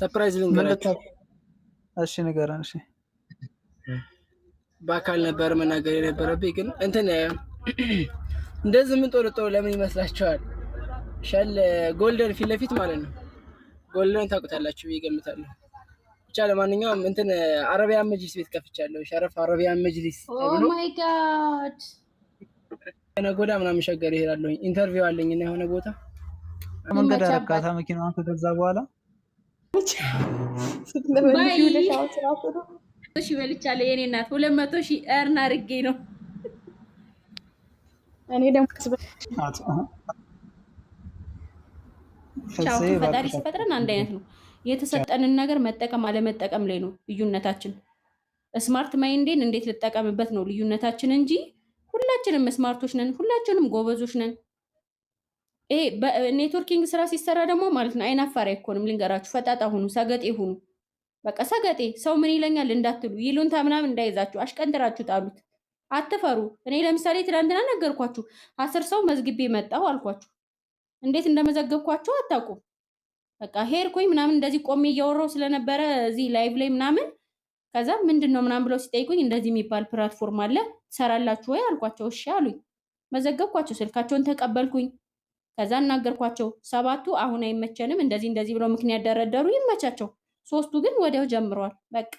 ሰርፕራይዝ ልንገራችሁ። እሺ ንገረን። እሺ በአካል ነበር መናገር የነበረብኝ ግን እንትን እንደዚህ ምን ጦር ጦር ለምን ይመስላችኋል? ሸል ጎልደን ፊት ለፊት ማለት ነው። ጎልደን ታውቁታላችሁ ይገምታለሁ። ብቻ ለማንኛውም እንትን አረቢያን መጅሊስ ቤት ከፍቻለሁ። ሸረፍ አረቢያን መጅሊስ ኦማይ ጋድ ነጎዳ ምናምን ሸገር ይሄዳለሁ። ኢንተርቪው አለኝ እና የሆነ ቦታ መንገድ አረካታ መኪናዋን ከገዛ በኋላ ሺ በልቻለሁ የኔ እናት ሁለት መቶ ሺ እርን አድርጌ ነው እኔ ደግሞ ፈጣሪ ሲፈጥረን አንድ አይነት ነው። የተሰጠንን ነገር መጠቀም አለመጠቀም ላይ ነው ልዩነታችን። ስማርት ማይንዴን እንዴት ልጠቀምበት ነው ልዩነታችን እንጂ ሁላችንም ስማርቶች ነን፣ ሁላችንም ጎበዞች ነን። ይሄ ኔትወርኪንግ ስራ ሲሰራ ደግሞ ማለት ነው። አይናፋሪ አይኮንም። ልንገራችሁ፣ ፈጣጣ ሁኑ፣ ሰገጤ ሁኑ። በቃ ሰገጤ ሰው ምን ይለኛል እንዳትሉ፣ ይሉንታ ምናምን እንዳይዛችሁ፣ አሽቀንጥራችሁ ጣሉት። አትፈሩ። እኔ ለምሳሌ ትናንትና ነገርኳችሁ፣ አስር ሰው መዝግቤ መጣሁ አልኳችሁ። እንዴት እንደመዘገብኳችሁ አታውቁም። በቃ ሄድኩኝ ምናምን እንደዚህ ቆሜ እያወራሁ ስለነበረ እዚህ ላይቭ ላይ ምናምን፣ ከዛ ምንድን ነው ምናምን ብለው ሲጠይቁኝ እንደዚህ የሚባል ፕላትፎርም አለ ትሰራላችሁ ወይ አልኳቸው። እሺ አሉኝ፣ መዘገብኳቸው፣ ስልካቸውን ተቀበልኩኝ። ከዛ እናገርኳቸው። ሰባቱ አሁን አይመቸንም እንደዚህ እንደዚህ ብለው ምክንያት ደረደሩ። ይመቻቸው። ሶስቱ ግን ወዲያው ጀምሯል። በቃ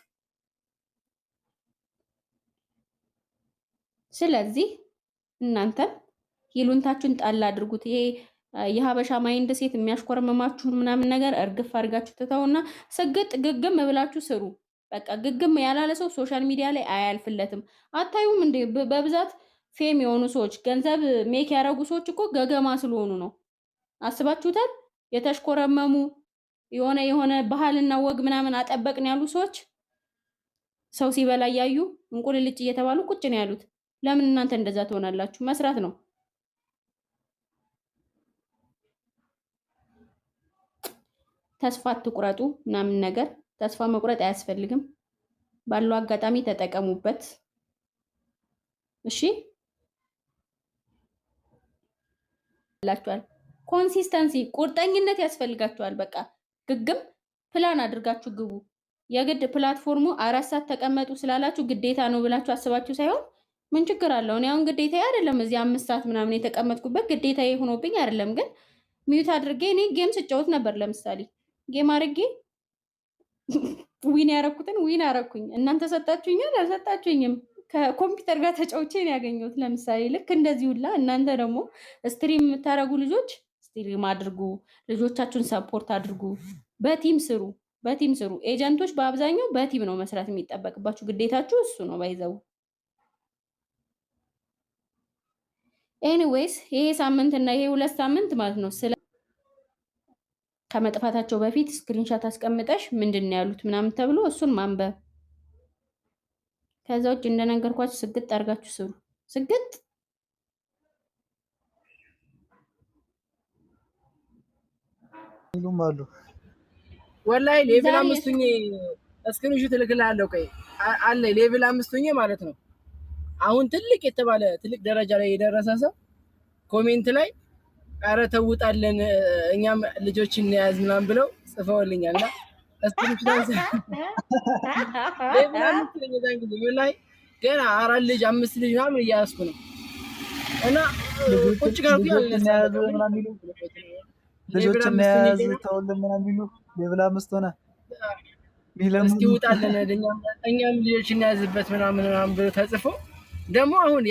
ስለዚህ እናንተም ይሉንታችሁን ጣል አድርጉት። ይሄ የሀበሻ ማይንድ ሴት የሚያሽኮረመማችሁን ምናምን ነገር እርግፍ አድርጋችሁ ትተውና ስግጥ ግግም ብላችሁ ስሩ። በቃ ግግም ያላለ ሰው ሶሻል ሚዲያ ላይ አያልፍለትም። አታዩም እንዴ በብዛት ፌም የሆኑ ሰዎች ገንዘብ ሜክ ያደረጉ ሰዎች እኮ ገገማ ስለሆኑ ነው። አስባችሁታል? የተሽኮረመሙ የሆነ የሆነ ባህልና ወግ ምናምን አጠበቅን ያሉ ሰዎች ሰው ሲበላ እያዩ እንቁልልጭ እየተባሉ ቁጭ ነው ያሉት። ለምን እናንተ እንደዛ ትሆናላችሁ? መስራት ነው። ተስፋ አትቁረጡ ምናምን ነገር ተስፋ መቁረጥ አያስፈልግም። ባለው አጋጣሚ ተጠቀሙበት። እሺ ላችኋል። ኮንሲስተንሲ ቁርጠኝነት ያስፈልጋችኋል። በቃ ግግም ፕላን አድርጋችሁ ግቡ። የግድ ፕላትፎርሙ አራት ሰዓት ተቀመጡ ስላላችሁ ግዴታ ነው ብላችሁ አስባችሁ ሳይሆን ምን ችግር አለው? እኔ አሁን ግዴታ አይደለም እዚህ አምስት ሰዓት ምናምን የተቀመጥኩበት ግዴታ ሆኖብኝ አይደለም። ግን ሚዩት አድርጌ እኔ ጌም ስጫወት ነበር። ለምሳሌ ጌም አድርጌ ዊን ያረኩትን ዊን አረኩኝ። እናንተ ሰጣችሁኛል አልሰጣችሁኝም ከኮምፒውተር ጋር ተጫውቼ ነው ያገኘሁት። ለምሳሌ ልክ እንደዚህ ሁላ እናንተ ደግሞ ስትሪም የምታደርጉ ልጆች ስትሪም አድርጉ፣ ልጆቻችሁን ሰፖርት አድርጉ፣ በቲም ስሩ፣ በቲም ስሩ። ኤጀንቶች በአብዛኛው በቲም ነው መስራት የሚጠበቅባችሁ፣ ግዴታችሁ እሱ ነው ባይዘው። ኤኒዌይስ ይሄ ሳምንት እና ይሄ ሁለት ሳምንት ማለት ነው ስለ ከመጥፋታቸው በፊት ስክሪንሻት አስቀምጠሽ ምንድን ነው ያሉት ምናምን ተብሎ እሱን ማንበብ ከዛ ውጭ እንደነገርኳችሁ ስግጥ አድርጋችሁ ስሩ። ስግጥ ሁሉም አሉ ወላይ ሌቪል አምስቱኝ ሁኜ እስክሪንሾት ቀይ አለ ሌቪል አምስቱኝ ማለት ነው። አሁን ትልቅ የተባለ ትልቅ ደረጃ ላይ የደረሰ ሰው ኮሜንት ላይ ኧረ ተውጣለን እኛም ልጆችን እንያዝ ምናምን ብለው ጽፈውልኛልና ላይ ገና አራት ልጅ አምስት ልጅ ምናምን እያያዝኩ ነው እና ቁጭ ልጆች መያዝ ተውልን የሚሉ ሌብል አምስት ሆነ እስኪ ውጣለን እኛም ልጆች እናያዝበት ምናምን ምናምን ብሎ ተጽፎ ደግሞ አሁን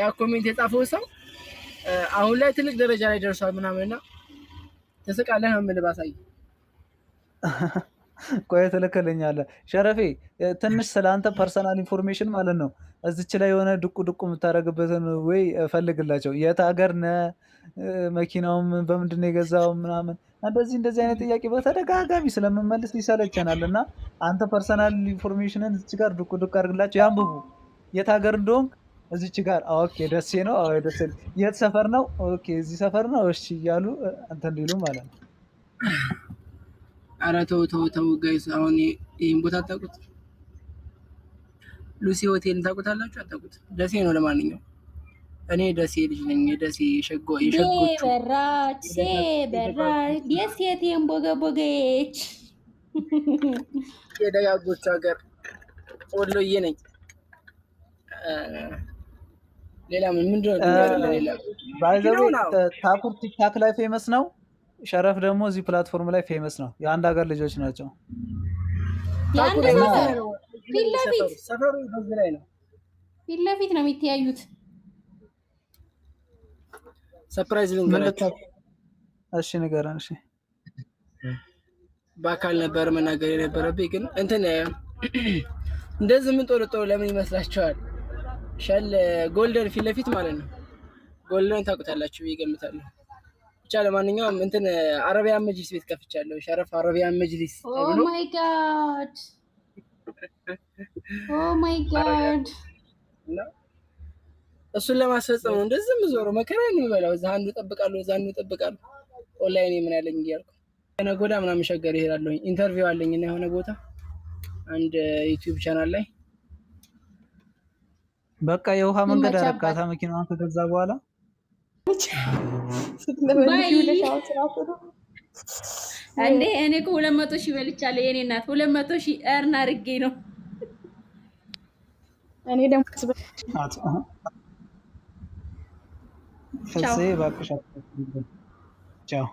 ያ ኮሜንት የጻፈው ሰው አሁን ላይ ትልቅ ደረጃ ላይ ደርሷል ምናምን እና ተስቃለህ ነው የምልህ ባሳየው ቆየ ትልክልኛለ ሸረፌ ትንሽ ስለ አንተ ፐርሰናል ኢንፎርሜሽን ማለት ነው። እዚች ላይ የሆነ ድቁ ድቁ የምታደርግበትን ወይ ፈልግላቸው። የት ሀገር ነህ? መኪናውም በምንድን የገዛው? ምናምን እንደዚህ እንደዚህ አይነት ጥያቄ በተደጋጋሚ ስለምመልስ ይሰለቸናል እና አንተ ፐርሰናል ኢንፎርሜሽንን እዚች ጋር ድቁ ዱቅ አድርግላቸው፣ ያንብቡ። የት ሀገር እንደሆንክ እዚች ጋር ኦኬ፣ ደሴ ነው። ደሴ። የት ሰፈር ነው? ኦኬ፣ እዚህ ሰፈር ነው። እሺ እያሉ እንትን ሊሉ ማለት ነው። ኧረ ተው ተው ተው ጋይስ፣ አሁን ይህን ቦታ አታውቁት። ሉሲ ሆቴል ታውቁታላችሁ? አታውቁት? ደሴ ነው። ለማንኛውም እኔ ደሴ ልጅ ነኝ። የደሴ ሸጎ የሸጎቹ በራች በራች የሴት የንቦገቦገች የደጋጎቹ ሀገር ወሎዬ ነኝ። ሌላ ምን ምንድን ነው? ባይዘ ታኩር ቲክታክ ላይ ፌመስ ነው ሸረፍ ደግሞ እዚህ ፕላትፎርም ላይ ፌመስ ነው። የአንድ ሀገር ልጆች ናቸው። ፊት ለፊት ነው የሚተያዩት። ሰፕራይዝ እሺ ንገረን። እሺ በአካል ነበር መናገር የነበረብኝ ግን እንትን እንደዚህ ምን ጦር ጦር ለምን ይመስላችኋል? ሸል ጎልደን ፊት ለፊት ማለት ነው። ጎልደን ታውቁታላችሁ ይገምታለሁ ለማንኛውም እንትን አረቢያን መጅሊስ ቤት ከፍቻለሁ። ሸረፍ አረቢያን መጅሊስ ኦማይ ጋድ ኦማይ ጋድ። እሱን ለማስፈጸም ነው እንደዚህ የምዞረው። መከራ የሚበላው እዛ አንዱ እጠብቃለሁ፣ እዛ አንዱ እጠብቃለሁ። ኦንላይን ምን ያለኝ እያልኩ ነገ ወዲያ ምናምን ሸገር ይሄዳለሁኝ። ኢንተርቪው አለኝ እና የሆነ ቦታ አንድ ዩቲዩብ ቻናል ላይ በቃ የውሃ መንገድ አረካታ መኪናዋን ከገዛ በኋላ እንዴ እኔ እኮ ሁለት መቶ ሺህ በልቻለሁ። የኔ እናት ሁለት መቶ ሺህ እርን አድርጌ ነው። እኔ ደግሞ ቻው